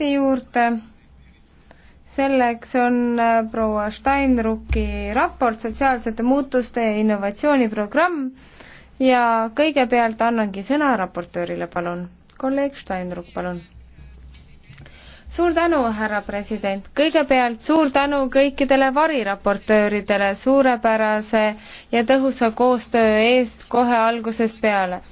raporti juurde. selleks on äh, proua Steinrucki raport Sotsiaalsete muutuste ja innovatsiooniprogramm ja kõigepealt annangi sõna raportöörile, palun. kolleeg Steinruck, palun. suur tänu, härra president. kõigepealt suur tänu kõikidele variraportööridele suurepärase ja tõhusa koostöö eest kohe algusest peale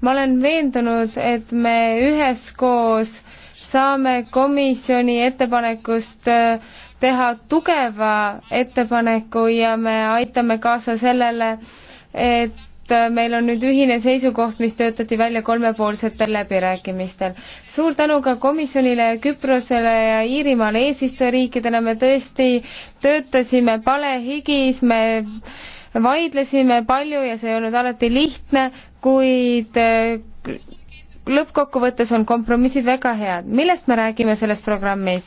ma olen veendunud, et me üheskoos saame komisjoni ettepanekust äh, teha tugeva ettepaneku ja me aitame kaasa sellele, et äh, meil on nüüd ühine seisukoht, mis töötati välja kolmepoolsetel läbirääkimistel. suur tänu ka komisjonile, Küprosele ja Iirimaale eesistujariikidena, me tõesti töötasime palehigis, me vaidlesime palju ja see ei olnud alati lihtne, kuid äh, lõppkokkuvõttes on kompromissid väga head. millest me räägime selles programmis?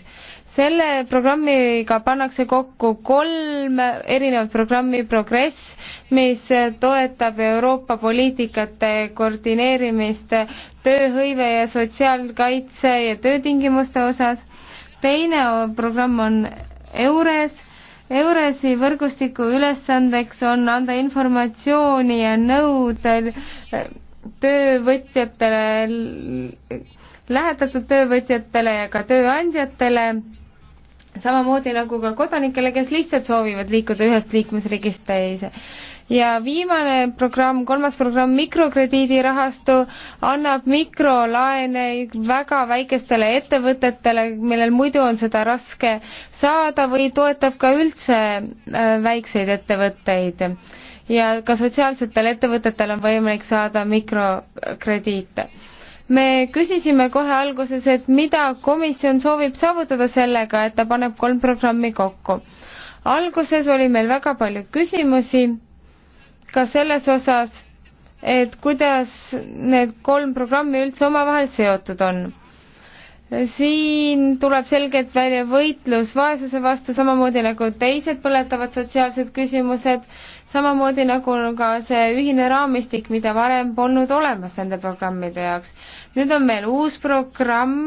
selle programmiga pannakse kokku kolm erinevat programmi Progress, mis toetab Euroopa poliitikate koordineerimist tööhõive ja sotsiaalkaitse ja töötingimuste osas. teine programm on EURES EURES-i võrgustiku ülesandeks on anda informatsiooni ja nõud töövõtjatele, lähetatud töövõtjatele ja ka tööandjatele, samamoodi nagu ka kodanikele, kes lihtsalt soovivad liikuda ühest liikmesriigist teise. ja viimane programm, kolmas programm, mikrokrediidirahastu, annab mikrolaene väga väikestele ettevõtetele, millel muidu on seda raske saada või toetab ka üldse äh, väikseid ettevõtteid ja ka sotsiaalsetel ettevõtetel on võimalik saada mikrokrediite. me küsisime kohe alguses, et mida komisjon soovib saavutada sellega, et ta paneb kolm programmi kokku. alguses oli meil väga palju küsimusi ka selles osas, et kuidas need kolm programmi üldse omavahel seotud on siin tuleb selgelt välja võitlus vaesuse vastu, samamoodi nagu teised põletavad sotsiaalsed küsimused, samamoodi nagu on ka see ühine raamistik, mida varem polnud olemas nende programmide jaoks. nüüd on meil uus programm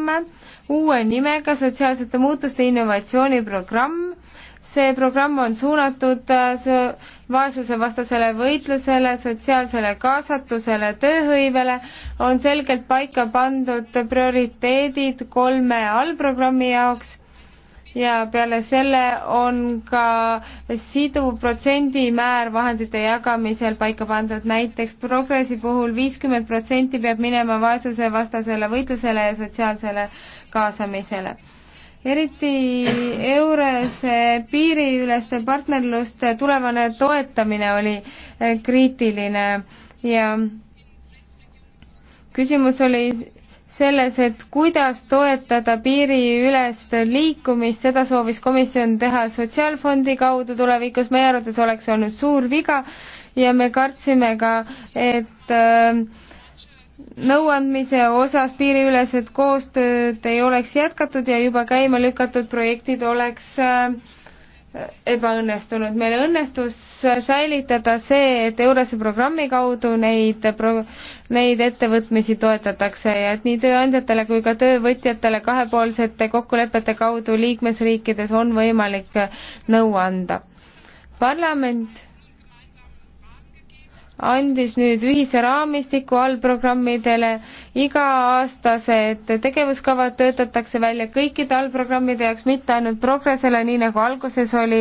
uue nimega Sotsiaalsete muutuste innovatsiooniprogramm see programm on suunatud äh, vaesusevastasele võitlusele, sotsiaalsele kaasatusele, tööhõivele, on selgelt paika pandud prioriteedid kolme allprogrammi jaoks ja peale selle on ka siduv protsendimäär vahendite jagamisel paika pandud, näiteks Progressi puhul viiskümmend protsenti peab minema vaesusevastasele võitlusele ja sotsiaalsele kaasamisele eriti Eurese piiriüleste partnerluste tulevane toetamine oli eh, kriitiline ja küsimus oli selles, et kuidas toetada piiriülest liikumist, seda soovis komisjon teha Sotsiaalfondi kaudu tulevikus, meie arvates oleks olnud suur viga ja me kartsime ka, et äh, nõuandmise osas piiriülesed koostööd ei oleks jätkatud ja juba käima lükatud projektid oleks äh, ebaõnnestunud. meil õnnestus äh, säilitada see, et Eurose programmi kaudu neid pro-, neid ettevõtmisi toetatakse ja et nii tööandjatele kui ka töövõtjatele kahepoolsete kokkulepete kaudu liikmesriikides on võimalik äh, nõu anda. parlament andis nüüd ühise raamistiku allprogrammidele, iga-aastased tegevuskavad töötatakse välja kõikide allprogrammide jaoks, mitte ainult Progressele, nii nagu alguses oli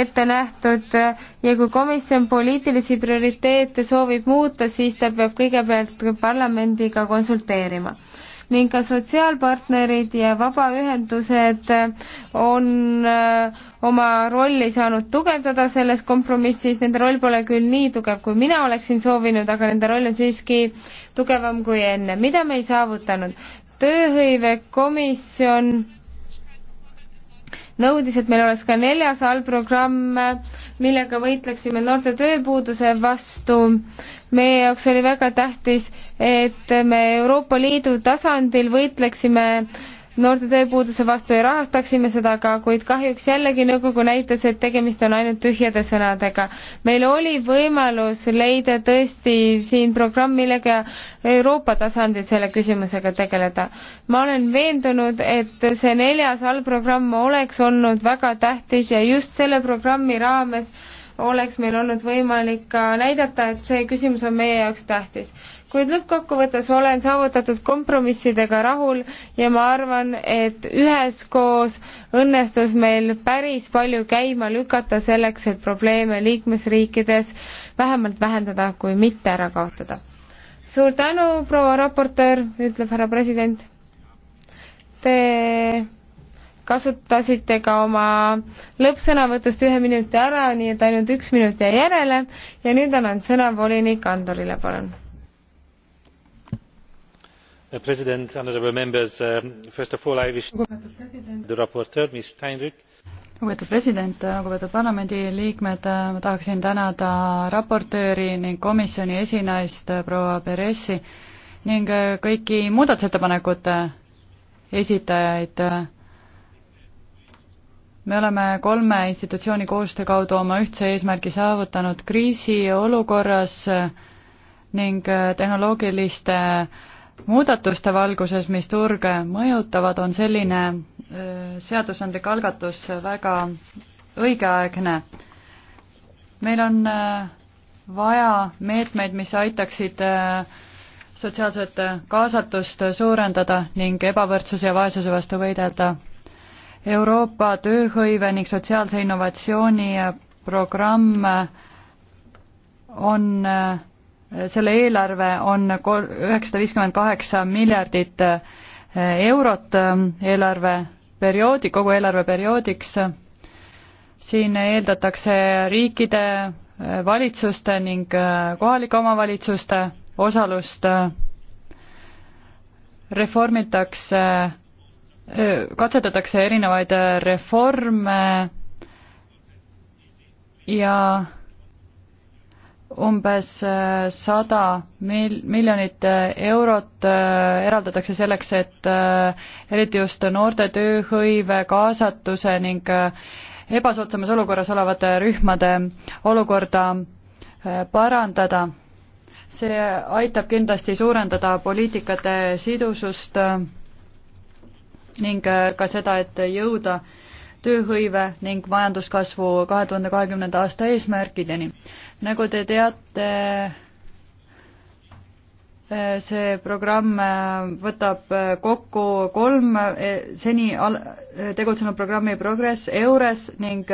ette nähtud ja kui komisjon poliitilisi prioriteete soovib muuta, siis ta peab kõigepealt parlamendiga konsulteerima ning ka sotsiaalpartnerid ja vabaühendused on äh, oma rolli saanud tugevdada selles kompromissis, nende roll pole küll nii tugev, kui mina oleksin soovinud, aga nende roll on siiski tugevam kui enne. mida me ei saavutanud? tööhõivekomisjon nõudis, et meil oleks ka neljas allprogramm, millega võitleksime noorte tööpuuduse vastu. meie jaoks oli väga tähtis, et me Euroopa Liidu tasandil võitleksime noorte tööpuuduse vastu ja rahastaksime seda ka, kuid kahjuks jällegi nõukogu näitas, et tegemist on ainult tühjade sõnadega. meil oli võimalus leida tõesti siin programm, millega Euroopa tasandil selle küsimusega tegeleda. ma olen veendunud, et see neljas allprogramm oleks olnud väga tähtis ja just selle programmi raames oleks meil olnud võimalik ka näidata, et see küsimus on meie jaoks tähtis kuid lõppkokkuvõttes olen saavutatud kompromissidega rahul ja ma arvan, et üheskoos õnnestus meil päris palju käima lükata selleks, et probleeme liikmesriikides vähemalt vähendada, kui mitte ära kaotada. suur tänu, proua raportöör, ütleb härra president. Te kasutasite ka oma lõppsõnavõtust ühe minuti ära, nii et ainult üks minut jäi järele ja nüüd annan sõna volinik Andorile, palun Uh, president honourable members um, first of all i wish the rapporteur ms steinruck lugupeetud president uh, lugupeetud parlamendiliikmed ma tahaksin tänada raportööri ning komisjoni esinaist proua Peressi ning kõiki muudatusettepanekute esitajaid me oleme kolme institutsiooni koostöö kaudu oma ühtse eesmärgi saavutanud kriisiolukorras ning tehnoloogiliste äh, muudatuste valguses, mis turge mõjutavad, on selline äh, seadusandlik algatus väga õigeaegne. meil on äh, vaja meetmeid, mis aitaksid äh, sotsiaalset kaasatust suurendada ning ebavõrdsuse ja vaesuse vastu võidelda. Euroopa tööhõive ning sotsiaalse innovatsiooni programm on äh, selle eelarve on üheksasada viiskümmend kaheksa miljardit eh, eurot eh, eelarveperioodi, kogu eelarveperioodiks. siin eeldatakse riikide, eh, valitsuste ning kohalike omavalitsuste osalust, reformitakse, katsetatakse erinevaid reforme ja umbes äh, sada mil-, miljonit äh, eurot äh, eraldatakse selleks, et eriti just noorte tööhõive, kaasatuse ning ebasoodsamas olukorras olevate rühmade olukorda parandada. see aitab kindlasti suurendada poliitikate sidusust ning ka seda, et jõuda tööhõive ning majanduskasvu kahe tuhande kahekümnenda aasta eesmärkideni nagu te teate, eh, see programm eh, võtab eh, kokku kolm seni al-, tegutsenud programmi Progress, EURES ning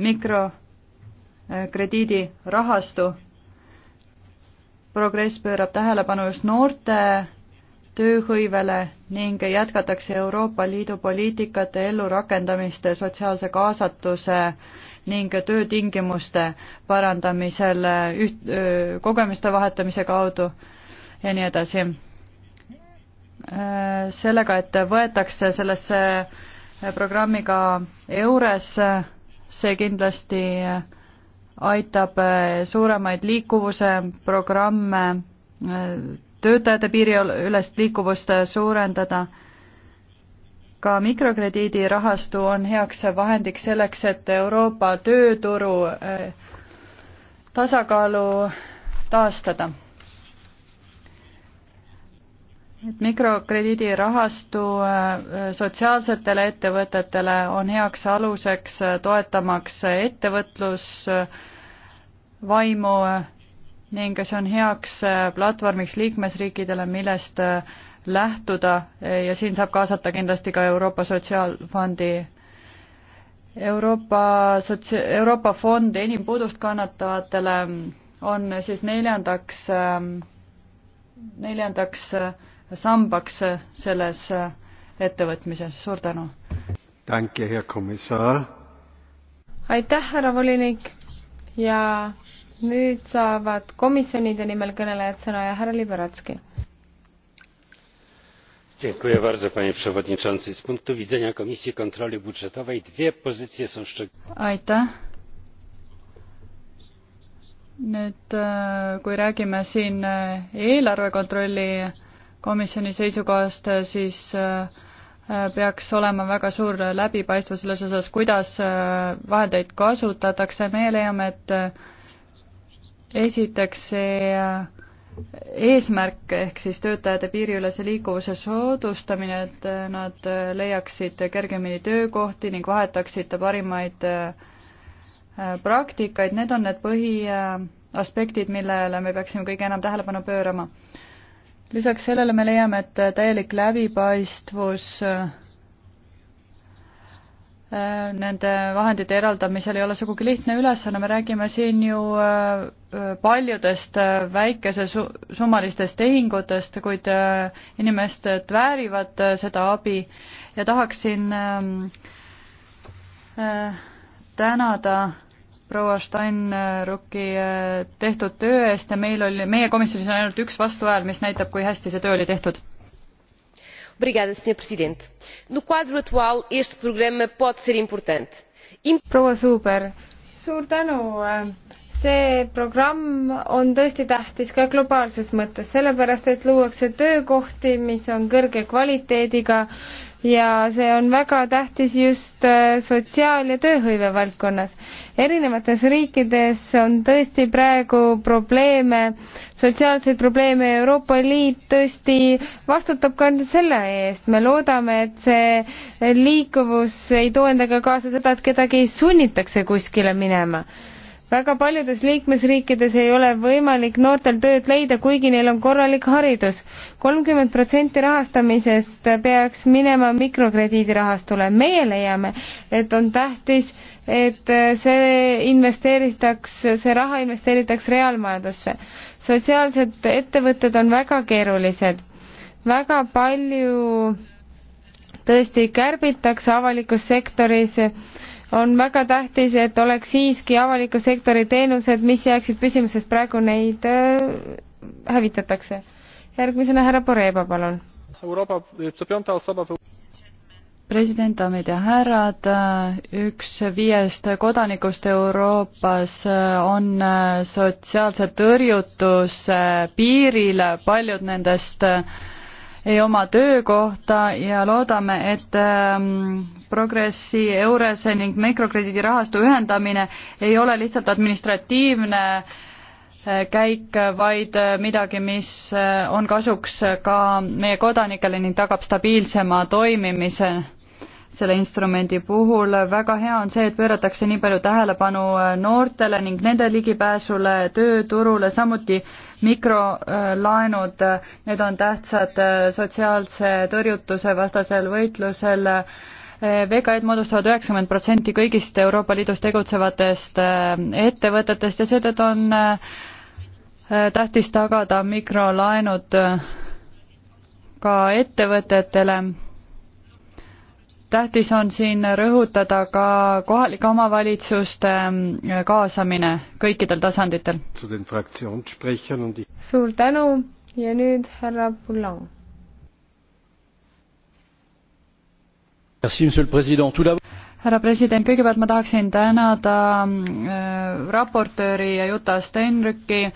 mikrokrediidirahastu. Progress pöörab tähelepanu just noorte tööhõivele ning jätkatakse Euroopa Liidu poliitikate ellurakendamist sotsiaalse kaasatuse ning töötingimuste parandamisel üht-, kogemuste vahetamise kaudu ja nii edasi. Sellega, et võetakse sellesse programmiga EURES, see kindlasti aitab suuremaid liikuvuse programme, töötajate piiriülest liikuvust suurendada ka mikrokrediidirahastu on heaks vahendiks selleks, et Euroopa tööturu eh, tasakaalu taastada. et mikrokrediidirahastu eh, sotsiaalsetele ettevõtetele on heaks aluseks eh, toetamaks ettevõtlusvaimu ning see on heaks platvormiks liikmesriikidele, millest lähtuda ja siin saab kaasata kindlasti ka Euroopa Sotsiaalfondi Euroopa sotsia-, Euroopa fond enim puudust kannatavatele on siis neljandaks, ähm, neljandaks äh, sambaks selles äh, ettevõtmises, suur tänu! aitäh, härra volinik ja nüüd saavad komisjonide nimel kõnelejad sõna ja härra Liberatski z punktu widzenia komisji kontroli budżetowej dwie pozycje są aitäh nüüd e, kui räägime siin e, eelarve kontrolli komisjoni seisukohast e, siis peaks olema väga suur läbipaistvus selles osas kuidas vahendeid kasutatakse me leiame et esiteks see eesmärk ehk siis töötajate piiriülese liikuvuse soodustamine, et eh, nad eh, leiaksid kergemini töökohti ning vahetaksid parimaid eh, praktikaid, need on need põhiaspektid, millele me peaksime kõige enam tähelepanu pöörama. lisaks sellele me leiame, et täielik läbipaistvus nende vahendite eraldamisel ei ole sugugi lihtne ülesanne, me räägime siin ju äh, äh, paljudest äh, väikesesummalistest tehingutest, kuid inimesed väärivad seda abi ja tahaksin ähm, tänada proua Steinrucki tehtud töö eest ja meil oli, meie komisjonis on ainult üks vastuhääl, mis näitab, kui hästi see töö oli tehtud senhora presidente no quadro atual este programa pode ser importante. proua zuber suur tänu! see programm on tõesti tähtis ka globaalses mõttes sellepärast et luuakse töökohti mis on kõrge kvaliteediga ja see on väga tähtis just äh, sotsiaal- ja tööhõive valdkonnas. erinevates riikides on tõesti praegu probleeme, sotsiaalseid probleeme ja Euroopa Liit tõesti vastutab ka selle eest. me loodame, et see liikuvus ei too endaga kaasa seda, et kedagi sunnitakse kuskile minema väga paljudes liikmesriikides ei ole võimalik noortel tööd leida, kuigi neil on korralik haridus. kolmkümmend protsenti rahastamisest peaks minema mikrokrediidirahastule. meie leiame, et on tähtis, et see investeeritaks, see raha investeeritaks reaalmajandusse. sotsiaalsed ettevõtted on väga keerulised. väga palju tõesti kärbitakse avalikus sektoris on väga tähtis, et oleks siiski avaliku sektori teenused, mis jääksid püsima, sest praegu neid äh, hävitatakse. järgmisena härra Poreba, palun. president, daamid ja härrad, üks viiest kodanikust Euroopas on sotsiaalse tõrjutuse piiril, paljud nendest äh, ei oma töökohta ja loodame, et ähm, progressi Eurese ning mikrokrediidirahastu ühendamine ei ole lihtsalt administratiivne äh, käik, vaid äh, midagi, mis äh, on kasuks ka meie kodanikele ning tagab stabiilsema toimimise selle instrumendi puhul. väga hea on see, et pööratakse nii palju tähelepanu äh, noortele ning nende ligipääsule tööturule, samuti mikrolaenud, need on tähtsad äh, sotsiaalse tõrjutuse vastasel võitlusel. Äh, VKE-d moodustavad üheksakümmend protsenti kõigist Euroopa Liidus tegutsevatest ettevõtetest ja seetõttu on tähtis tagada mikrolaenud ka ettevõtetele tähtis on siin rõhutada ka kohalike omavalitsuste ähm, kaasamine kõikidel tasanditel. suur tänu ja nüüd härra Poulan. härra president, kõigepealt ma tahaksin tänada äh, raportööri Juta Stenrücki.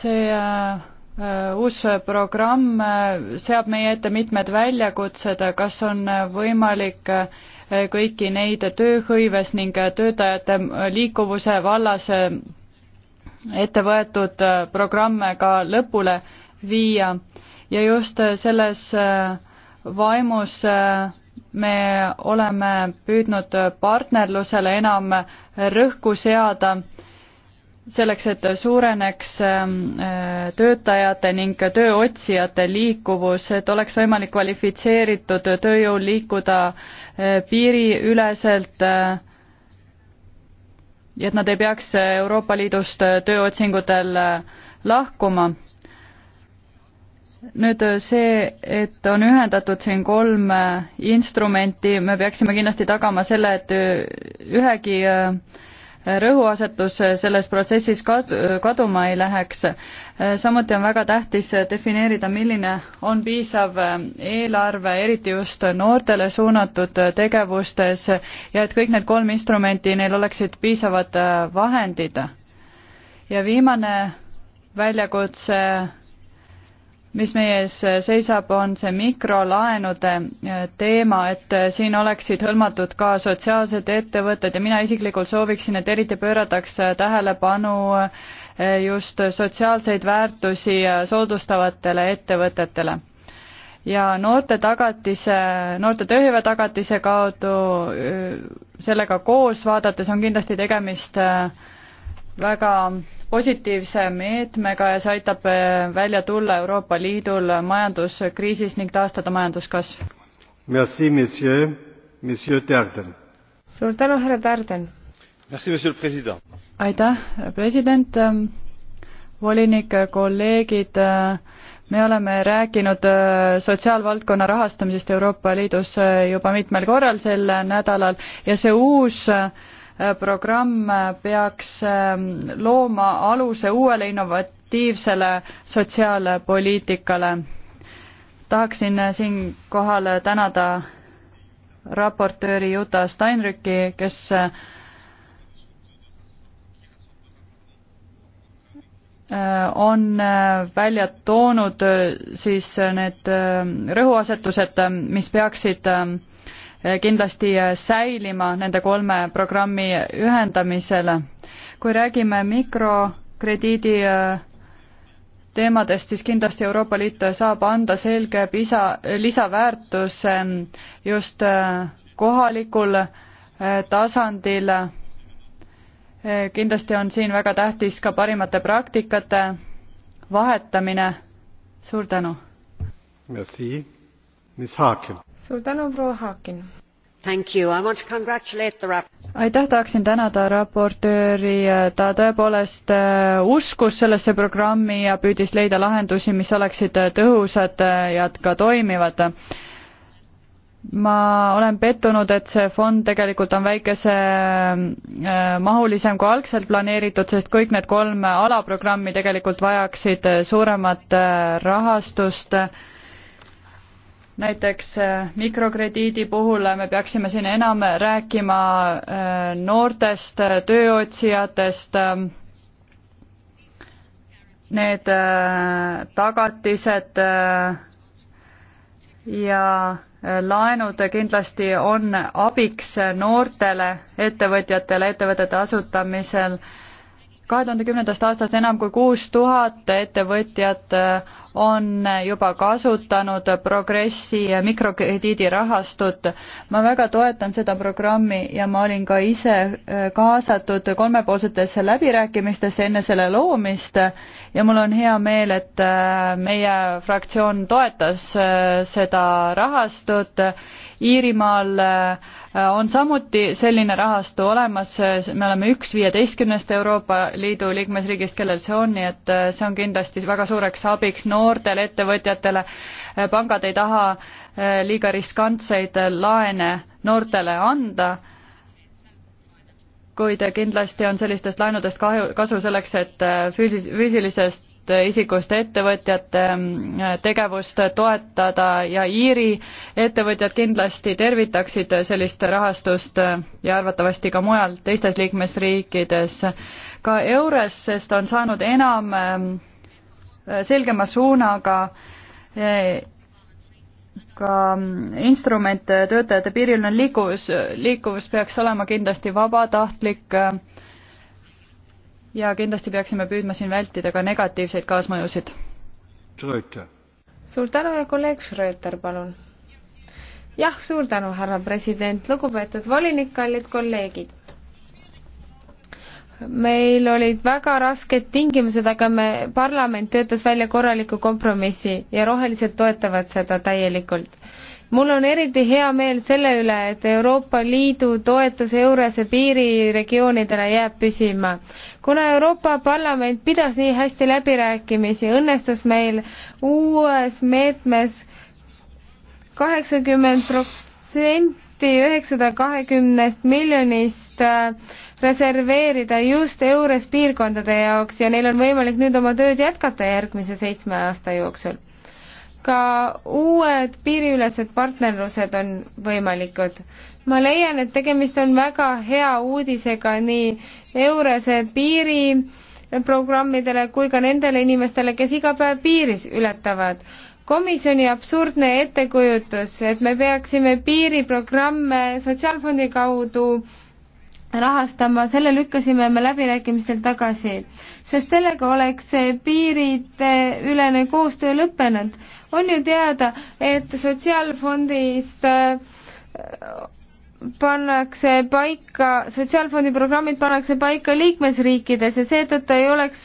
see äh, Äh, uus programm äh, seab meie ette mitmed väljakutsed, äh, kas on võimalik kõiki neid tööhõives ning töötajate liikuvuse vallas ette võetud programme ka lõpule viia ja just selles vaimus me oleme püüdnud partnerlusele enam rõhku seada äh, selleks, et suureneks ähm, äh, töötajate ning tööotsijate liikuvus, et oleks võimalik kvalifitseeritud tööjõul liikuda äh, piiriüleselt äh, ja et nad ei peaks Euroopa Liidust tööotsingutel lahkuma. nüüd see, et on ühendatud siin kolm instrumenti, me peaksime kindlasti tagama selle, et ühegi äh, rõhuasetus selles protsessis kaduma ei läheks. samuti on väga tähtis defineerida, milline on piisav eelarve, eriti just noortele suunatud tegevustes ja et kõik need kolm instrumenti, neil oleksid piisavad vahendid. ja viimane väljakutse mis meie ees seisab, on see mikrolaenude äh, teema, et äh, siin oleksid hõlmatud ka sotsiaalsed ettevõtted ja mina isiklikult sooviksin, et eriti pöörataks äh, tähelepanu just sotsiaalseid väärtusi soodustavatele ettevõtetele. ja noorte tagatise, noorte tööhõive tagatise kaudu sellega koos vaadates on kindlasti tegemist äh, väga positiivse meetmega ja see aitab eh, välja tulla Euroopa Liidul majanduskriisist ning taastada majanduskasv. suur tänu, härra Tarden! aitäh, president, volinik, kolleegid, me oleme rääkinud eh, sotsiaalvaldkonna rahastamisest Euroopa Liidus eh, juba mitmel korral sel nädalal ja see uus äh, Äh, programm äh, peaks ähm, looma aluse uuele innovatiivsele sotsiaalpoliitikale. tahaksin äh, siinkohal tänada raportööri Juta Steinrücki, kes on välja toonud siis need rõhuasetused, mis peaksid Eh, kindlasti eh, säilima nende kolme programmi ühendamisel. kui räägime mikrokrediidi eh, teemadest, siis kindlasti Euroopa Liit saab anda selge pisa, lisaväärtuse just kohalikul tasandil. kindlasti on siin väga tähtis ka parimate praktikate vahetamine. suur tänu! Merci suur tänu, proua Haakin! aitäh, tahaksin tänada raportööri, ta tõepoolest äh, uskus sellesse programmi ja püüdis leida lahendusi, mis oleksid äh, tõhusad äh, ja ka toimivad. ma olen pettunud, et see fond tegelikult on väikese mahulisem kui algselt planeeritud, sest kõik need kolm alaprogrammi tegelikult vajaksid suuremat rahastust näiteks äh, mikrokrediidi puhul äh, me peaksime siin enam rääkima äh, noortest tööotsijatest. Need tagatised ja laenud kindlasti on abiks noortele ettevõtjatele ettevõtete asutamisel. kahe tuhande kümnendast aastast enam kui kuus tuhat ettevõtjat on juba kasutanud Progressi mikrokrediidirahastut. ma väga toetan seda programmi ja ma olin ka ise äh, kaasatud kolmepoolsetesse läbirääkimistesse enne selle loomist ja mul on hea meel, et äh, meie fraktsioon toetas äh, seda rahastut. Iirimaal on samuti selline rahastu olemas, me oleme üks viieteistkümnest Euroopa Liidu liikmesriigist, kellel see on, nii et see on kindlasti väga suureks abiks noortele noortele ettevõtjatele. pangad ei taha eh, liiga riskantseid laene noortele anda, kuid kindlasti on sellistest laenudest kahju, kasu selleks, et eh, füüsis-, füüsilisest isikust ettevõtjate ehm, tegevust toetada ja Iiri ettevõtjad kindlasti tervitaksid sellist rahastust eh, ja arvatavasti ka mujal teistes liikmesriikides. ka EURES-est on saanud enam ehm, Äh, selgema suunaga äh, ka mm, instrument töötajate piiriline liikuvus, liikuvus peaks olema kindlasti vabatahtlik äh, ja kindlasti peaksime püüdma siin vältida ka negatiivseid kaasmõjusid. suur tänu ja kolleeg Schröter, palun. jah, suur tänu, härra president, lugupeetud volinik, kallid kolleegid meil olid väga rasked tingimused, aga me, parlament töötas välja korraliku kompromissi ja rohelised toetavad seda täielikult. mul on eriti hea meel selle üle, et Euroopa Liidu toetus Eurose piiriregioonidele jääb püsima. kuna Euroopa Parlament pidas nii hästi läbirääkimisi, õnnestus meil uues meetmes kaheksakümmend protsenti taheti üheksasada kahekümnest miljonist äh, reserveerida just EURES piirkondade jaoks ja neil on võimalik nüüd oma tööd jätkata järgmise seitsme aasta jooksul. ka uued piiriülesed partnerlused on võimalikud. ma leian, et tegemist on väga hea uudisega nii EURES-e piiri programmidele kui ka nendele inimestele, kes iga päev piiris ületavad komisjoni absurdne ettekujutus, et me peaksime piiriprogramme Sotsiaalfondi kaudu rahastama, selle lükkasime me läbirääkimistel tagasi, sest sellega oleks piirideülene koostöö lõppenud. on ju teada, et Sotsiaalfondist äh, pannakse paika, sotsiaalfondi programmid pannakse paika liikmesriikides ja seetõttu ei oleks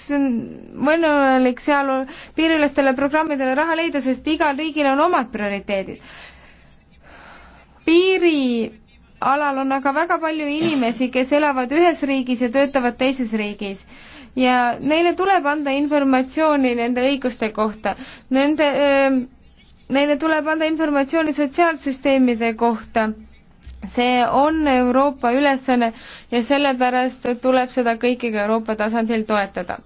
võimalik seal piiriülestele programmidele raha leida, sest igal riigil on omad prioriteedid. piirialal on aga väga palju inimesi, kes elavad ühes riigis ja töötavad teises riigis ja neile tuleb anda informatsiooni nende õiguste kohta, nende öö, Neile tuleb anda informatsiooni sotsiaalsüsteemide kohta see on Euroopa ülesanne ja sellepärast tuleb seda kõike ka Euroopa tasandil toetada.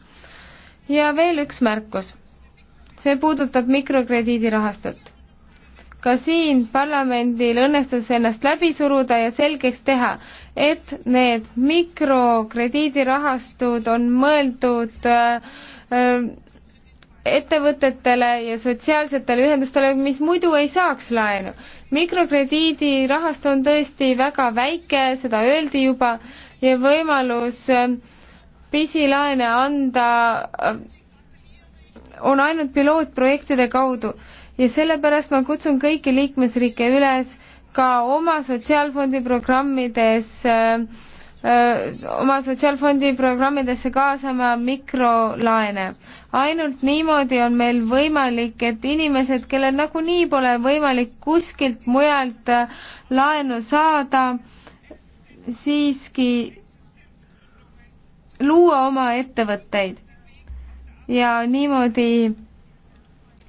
ja veel üks märkus. see puudutab mikrokrediidirahastut. ka siin parlamendil õnnestus ennast läbi suruda ja selgeks teha, et need mikrokrediidirahastud on mõeldud äh, äh, ettevõtetele ja sotsiaalsetele ühendustele, mis muidu ei saaks laenu. mikrokrediidirahastu on tõesti väga väike, seda öeldi juba, ja võimalus äh, pisilaene anda äh, on ainult pilootprojektide kaudu ja sellepärast ma kutsun kõiki liikmesriike üles ka oma sotsiaalfondi programmides äh, oma sotsiaalfondi programmidesse kaasama mikrolaene. ainult niimoodi on meil võimalik, et inimesed, kellel nagunii pole võimalik kuskilt mujalt äh, laenu saada, siiski luua oma ettevõtteid ja niimoodi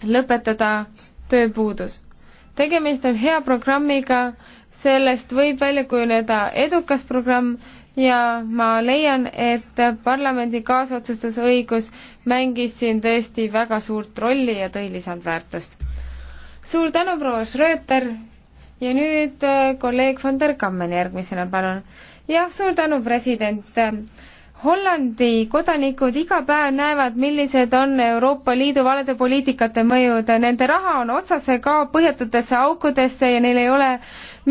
lõpetada tööpuudus. tegemist on hea programmiga, sellest võib välja kujuneda edukas programm ja ma leian, et parlamendi kaasotsustusõigus mängis siin tõesti väga suurt rolli ja tõi lisandväärtust. suur tänu, proua Schröter ja nüüd äh, kolleeg von der Kammen järgmisena, palun. jah, suur tänu, president Hollandi kodanikud iga päev näevad, millised on Euroopa Liidu valede poliitikate mõjud, nende raha on otsasse kao põhjatutesse aukudesse ja neil ei ole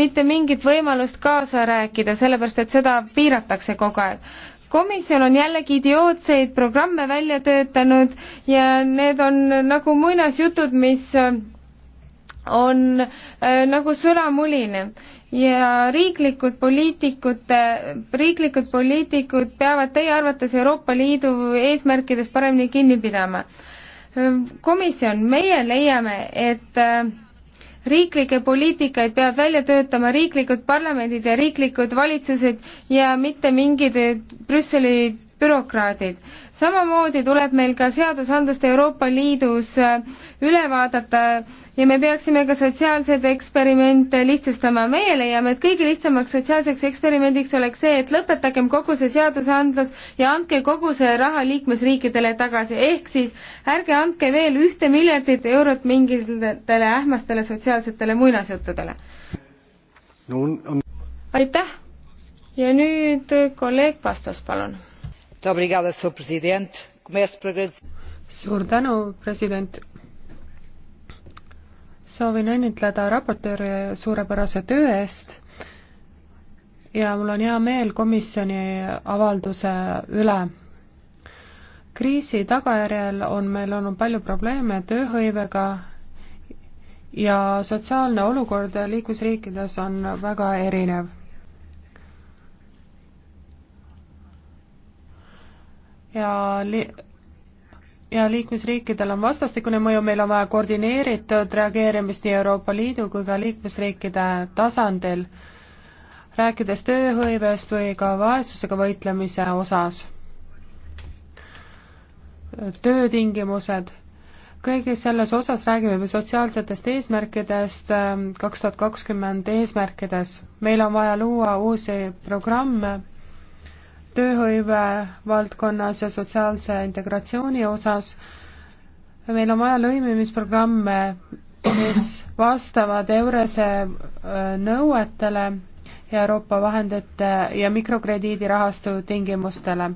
mitte mingit võimalust kaasa rääkida, sellepärast et seda piiratakse kogu aeg. komisjon on jällegi idiootseid programme välja töötanud ja need on nagu muinasjutud, mis on äh, nagu sõnamuline ja riiklikud poliitikud, riiklikud poliitikud peavad teie arvates Euroopa Liidu eesmärkidest paremini kinni pidama. komisjon, meie leiame, et äh, riiklikke poliitikaid peavad välja töötama riiklikud parlamendid ja riiklikud valitsused ja mitte mingid Brüsseli bürokraadid. samamoodi tuleb meil ka seadusandlust Euroopa Liidus äh, üle vaadata ja me peaksime ka sotsiaalseid eksperimente lihtsustama. meie leiame, et kõige lihtsamaks sotsiaalseks eksperimendiks oleks see, et lõpetagem kogu see seadusandlus ja andke kogu see raha liikmesriikidele tagasi, ehk siis ärge andke veel ühte miljardit eurot mingitele ähmastele sotsiaalsetele muinasjuttudele no,. On... aitäh ja nüüd kolleeg vastas, palun suur tänu, president. soovin õnnitleda raportööri suurepärase töö eest ja mul on hea meel komisjoni avalduse üle kriisi tagajärjel on meil olnud palju probleeme tööhõivega ja sotsiaalne olukord liikmesriikides on väga erinev. ja li ja liikmesriikidel on vastastikune mõju, meil on vaja koordineeritud reageerimist nii Euroopa Liidu kui ka liikmesriikide tasandil, rääkides tööhõivest või ka vaesusega võitlemise osas. töötingimused, kõigis selles osas räägime me sotsiaalsetest eesmärkidest, ähm, kaks tuhat kakskümmend eesmärkides. meil on vaja luua uusi programme tööhõive valdkonnas ja sotsiaalse integratsiooni osas. meil on vaja lõimimisprogramme, mis vastavad Eurese nõuetele ja Euroopa vahendite ja mikrokrediidirahastu tingimustele.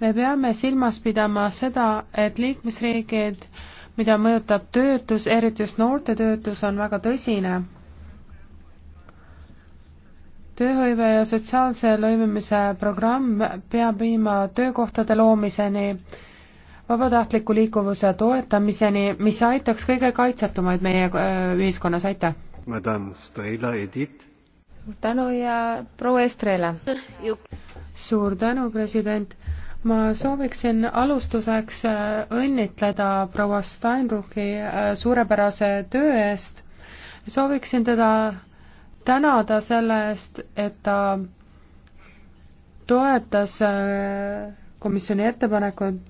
me peame silmas pidama seda, et liikmesriigid, mida mõjutab töötus, eriti just noorte töötus, on väga tõsine tööhõive ja sotsiaalse lõimimise programm peab viima töökohtade loomiseni, vabatahtliku liikuvuse toetamiseni, mis aitaks kõige kaitsetumaid meie äh, ühiskonnas, aitäh! suur tänu ja proua Estrela! suur tänu, president! ma sooviksin alustuseks äh, õnnitleda proua Steinruchi äh, suurepärase töö eest, sooviksin teda tänada selle eest, et ta toetas äh, komisjoni ettepanekut.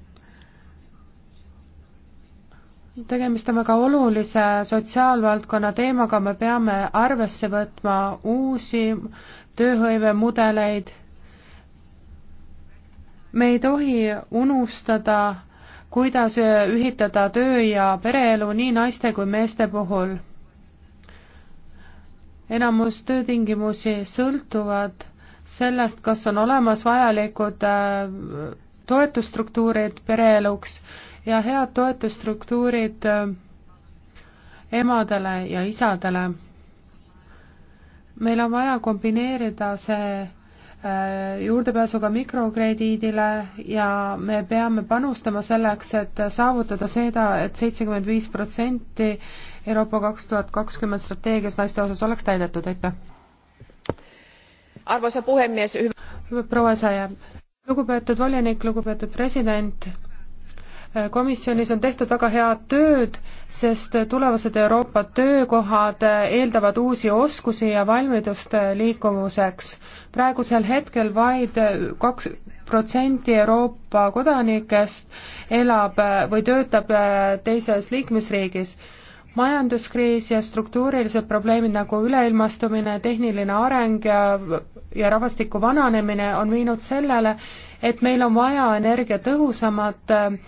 tegemist on väga olulise sotsiaalvaldkonna teemaga, me peame arvesse võtma uusi tööhõivemudeleid. me ei tohi unustada, kuidas ühitada töö ja pereelu nii naiste kui meeste puhul enamus töötingimusi sõltuvad sellest, kas on olemas vajalikud äh, toetusstruktuurid pereeluks ja head toetusstruktuurid äh, emadele ja isadele. meil on vaja kombineerida see äh, juurdepääsuga mikrokrediidile ja me peame panustama selleks, et saavutada seda et, et seitsekümmend viis protsenti Euroopa kaks tuhat kakskümmend strateegias naiste osas oleks täidetud, aitäh! arvoisa puhemies hü- proua Esaja, lugupeetud volinik, lugupeetud president, komisjonis on tehtud väga head tööd, sest tulevased Euroopa töökohad eeldavad uusi oskusi ja valmidust liikuvuseks. praegusel hetkel vaid kaks protsenti Euroopa kodanikest elab või töötab teises liikmesriigis majanduskriis ja struktuurilised probleemid nagu üleilmastumine, tehniline areng ja, ja rahvastiku vananemine on viinud sellele, et meil on vaja energiatõhusamat äh,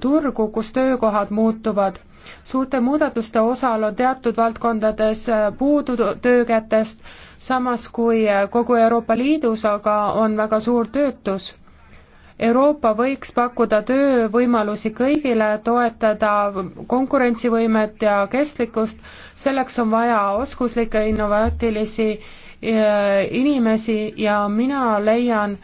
turgu, kus töökohad muutuvad suurte muudatuste osal on teatud valdkondades äh, puudu töökätest, samas kui äh, kogu Euroopa Liidus aga on väga suur töötus. Euroopa võiks pakkuda töövõimalusi kõigile, toetada konkurentsivõimet ja kestlikkust, selleks on vaja oskuslikke innovaatilisi äh, inimesi ja mina leian,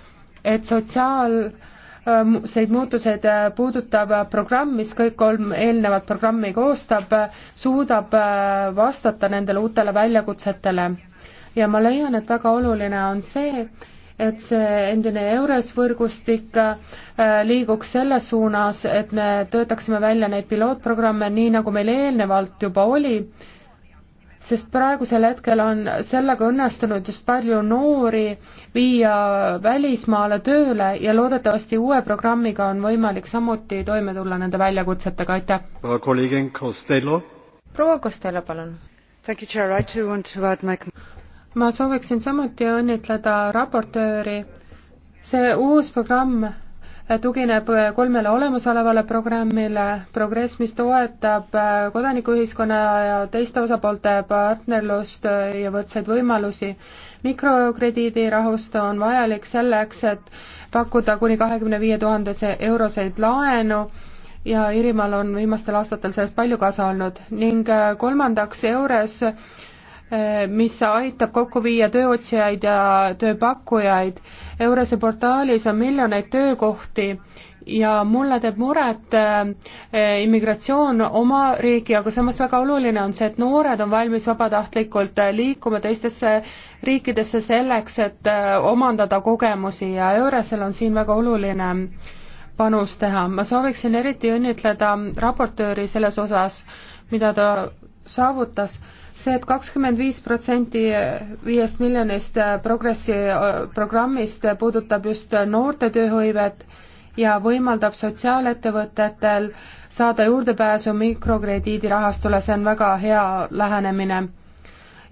et sotsiaal äh, seid muutused äh, puudutab programm, mis kõik kolm eelnevat programmi koostab, suudab vastata nendele uutele väljakutsetele. ja ma leian, et väga oluline on see, et see endine EURES võrgustik äh, liiguks selles suunas, et me töötaksime välja neid pilootprogramme, nii nagu meil eelnevalt juba oli, sest praegusel hetkel on sellega õnnestunud just palju noori viia välismaale tööle ja loodetavasti uue programmiga on võimalik samuti toime tulla nende väljakutsetega, aitäh! proua Costello, palun! ma sooviksin samuti õnnitleda raportööri. see uus programm tugineb kolmele olemasolevale programmile, Progress, mis toetab äh, kodanikuühiskonna ja teiste osapoolte partnerlust ja võrdseid võimalusi. mikrokrediidirahustu on vajalik selleks, et pakkuda kuni kahekümne viie tuhandese euroseid laenu ja Iirimaal on viimastel aastatel sellest palju kaasa olnud ning äh, kolmandaks EURES mis aitab kokku viia tööotsijaid ja tööpakkujaid. Eurose portaalis on miljoneid töökohti ja mulle teeb muret eh, immigratsioon oma riigi, aga samas väga oluline on see, et noored on valmis vabatahtlikult eh, liikuma teistesse riikidesse selleks, et eh, omandada kogemusi ja Euresel on siin väga oluline panus teha. ma sooviksin eriti õnnitleda raportööri selles osas, mida ta saavutas eh,, see et, et kakskümmend viis protsenti viiest miljonist äh, progressi äh, programmist puudutab just noorte tööhõivet ja võimaldab sotsiaalettevõtetel saada juurdepääsu mikrokrediidirahastule, see on väga hea lähenemine.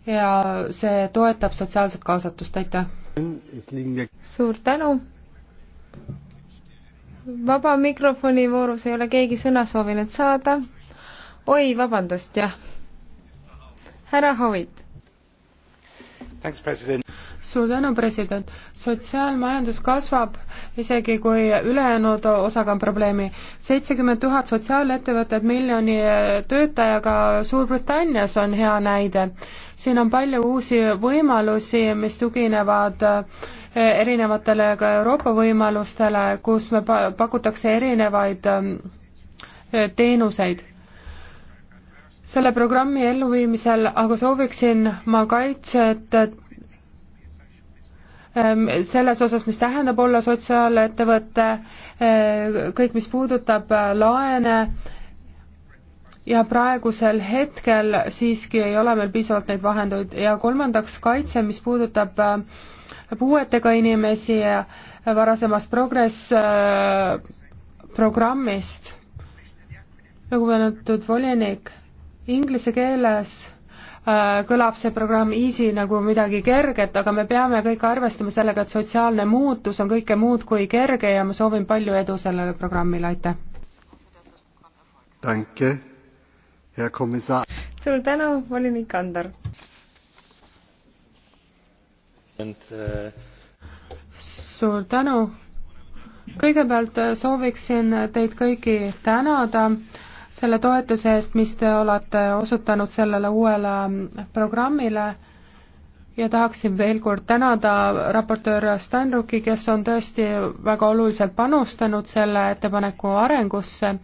ja see toetab sotsiaalset kaasatust, aitäh! suur tänu! vaba mikrofoni voorus ei ole keegi sõna soovinud saada. oi, vabandust, jah härra Howitt. suur tänu, president. sotsiaalmajandus kasvab, isegi kui ülejäänud osaga on probleemi. seitsekümmend tuhat sotsiaalettevõtet miljoni töötajaga Suurbritannias on hea näide. siin on palju uusi võimalusi, mis tuginevad eh, erinevatele ka Euroopa võimalustele, kus me pakutakse erinevaid eh, teenuseid selle programmi elluviimisel, aga sooviksin ma kaitset ähm, selles osas, mis tähendab olla sotsiaalettevõte, äh, kõik, mis puudutab äh, laene ja praegusel hetkel siiski ei ole meil piisavalt neid vahendeid ja kolmandaks kaitse, mis puudutab äh, puuetega inimesi varasemast progress programmist. lugupeetud volinik Inglise keeles äh, kõlab see programm easy nagu midagi kerget, aga me peame kõik arvestama sellega, et sotsiaalne muutus on kõike muud kui kerge ja ma soovin palju edu sellele programmile, aitäh! suur tänu, volinik Andor! Äh, suur tänu! kõigepealt äh, sooviksin teid kõiki tänada äh, selle toetuse eest, mis te olete osutanud sellele uuele programmile ja tahaksin veel kord tänada raportöör Stenruki, kes on tõesti väga oluliselt panustanud selle ettepaneku arengusse,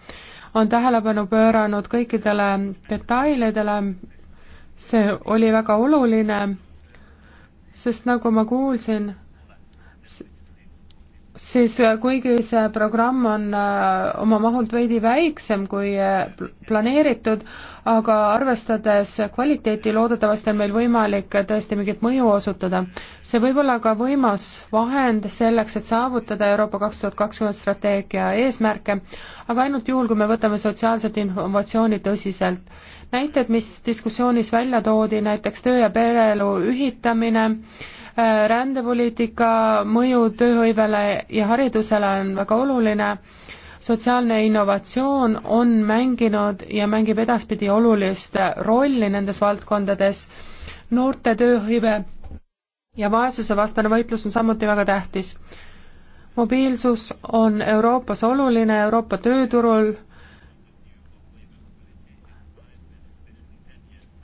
on tähelepanu pööranud kõikidele detailidele, see oli väga oluline, sest nagu ma kuulsin, siis äh, kuigi see programm on äh, oma mahult veidi väiksem kui äh, planeeritud, aga arvestades kvaliteeti, loodetavasti on meil võimalik tõesti mingit mõju osutada. see võib olla ka võimas vahend selleks, et saavutada Euroopa kaks tuhat kakskümmend strateegia eesmärke, aga ainult juhul, kui me võtame sotsiaalset innovatsiooni tõsiselt. näited, mis diskussioonis välja toodi, näiteks töö ja pereelu ühitamine, rändepoliitika mõju tööhõivele ja haridusele on väga oluline, sotsiaalne innovatsioon on mänginud ja mängib edaspidi olulist rolli nendes valdkondades, noorte tööhõive ja vaesusevastane võitlus on samuti väga tähtis. mobiilsus on Euroopas oluline, Euroopa tööturul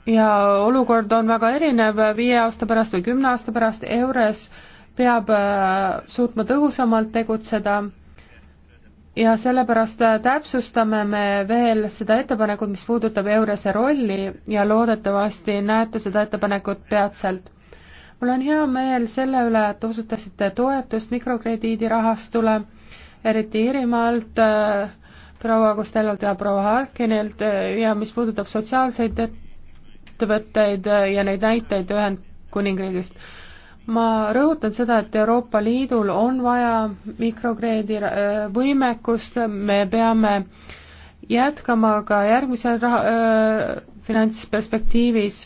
ja olukord on väga erinev viie aasta pärast või kümne aasta pärast, EURES peab äh, suutma tõhusamalt tegutseda ja sellepärast äh, täpsustame me veel seda ettepanekut, mis puudutab EURES-e rolli ja loodetavasti näete seda ettepanekut peatselt. mul on hea meel selle üle, et osutasite toetust mikrokrediidirahastule, eriti Iirimaalt, äh, proua Costellolt ja proua Harkinilt ja mis puudutab sotsiaalseid ettevõtteid ja neid näiteid Ühendkuningriigist. ma rõhutan seda, et Euroopa Liidul on vaja mikrokreedi äh, võimekust, me peame jätkama ka järgmisel raha, äh, finantsperspektiivis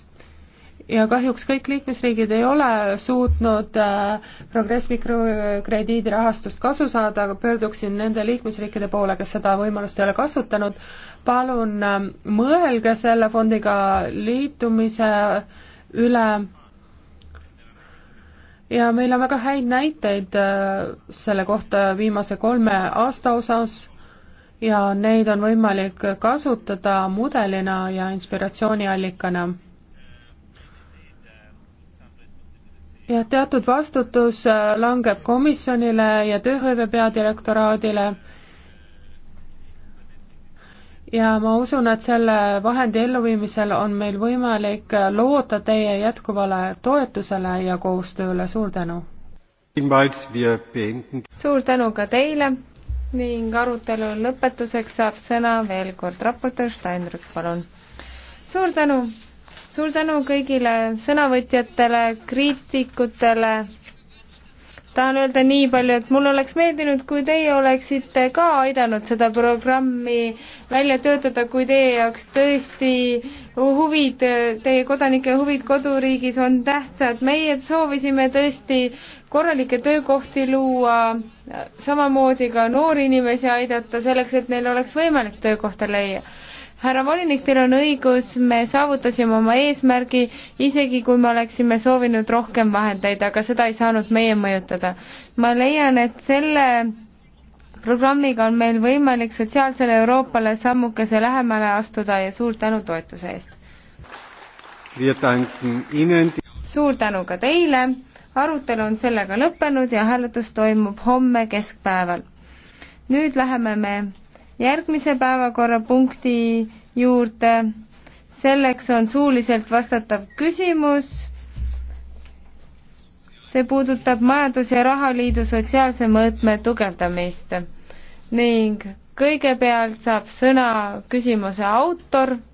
ja kahjuks kõik liikmesriigid ei ole suutnud äh, progress mikrokrediidi rahastust kasu saada, aga pöörduksin nende liikmesriikide poole, kes seda võimalust ei ole kasutanud. palun äh, mõelge selle fondiga liitumise üle. ja meil on väga häid näiteid äh, selle kohta viimase kolme aasta osas ja neid on võimalik kasutada mudelina ja inspiratsiooniallikana ja teatud vastutus äh, langeb komisjonile ja tööhõive peadirektoraadile. ja ma usun, et selle vahendi elluviimisel on meil võimalik äh, loota teie jätkuvale toetusele ja koostööle, suur tänu! suur tänu ka teile ning arutelu lõpetuseks saab sõna veel kord raportöör Steinrück, palun! suur tänu! suur tänu kõigile sõnavõtjatele, kriitikutele. tahan öelda nii palju, et mul oleks meeldinud, kui teie oleksite ka aidanud seda programmi välja töötada, kui teie jaoks tõesti huvid, teie kodanike huvid koduriigis on tähtsad. meie soovisime tõesti korralikke töökohti luua, samamoodi ka noori inimesi aidata selleks, et neil oleks võimalik töökohta leia härra volinik, teil on õigus, me saavutasime oma eesmärgi, isegi kui me oleksime soovinud rohkem vahendeid, aga seda ei saanud meie mõjutada. ma leian, et selle programmiga on meil võimalik sotsiaalsele Euroopale sammukese lähemale astuda ja suur tänu toetuse eest. suur tänu ka teile, arutelu on sellega lõppenud ja hääletus toimub homme keskpäeval. nüüd läheme me järgmise päevakorrapunkti juurde. selleks on suuliselt vastatav küsimus. see puudutab Majandus- ja Rahaliidu sotsiaalse mõõtme tugevdamist ning kõigepealt saab sõna küsimuse autor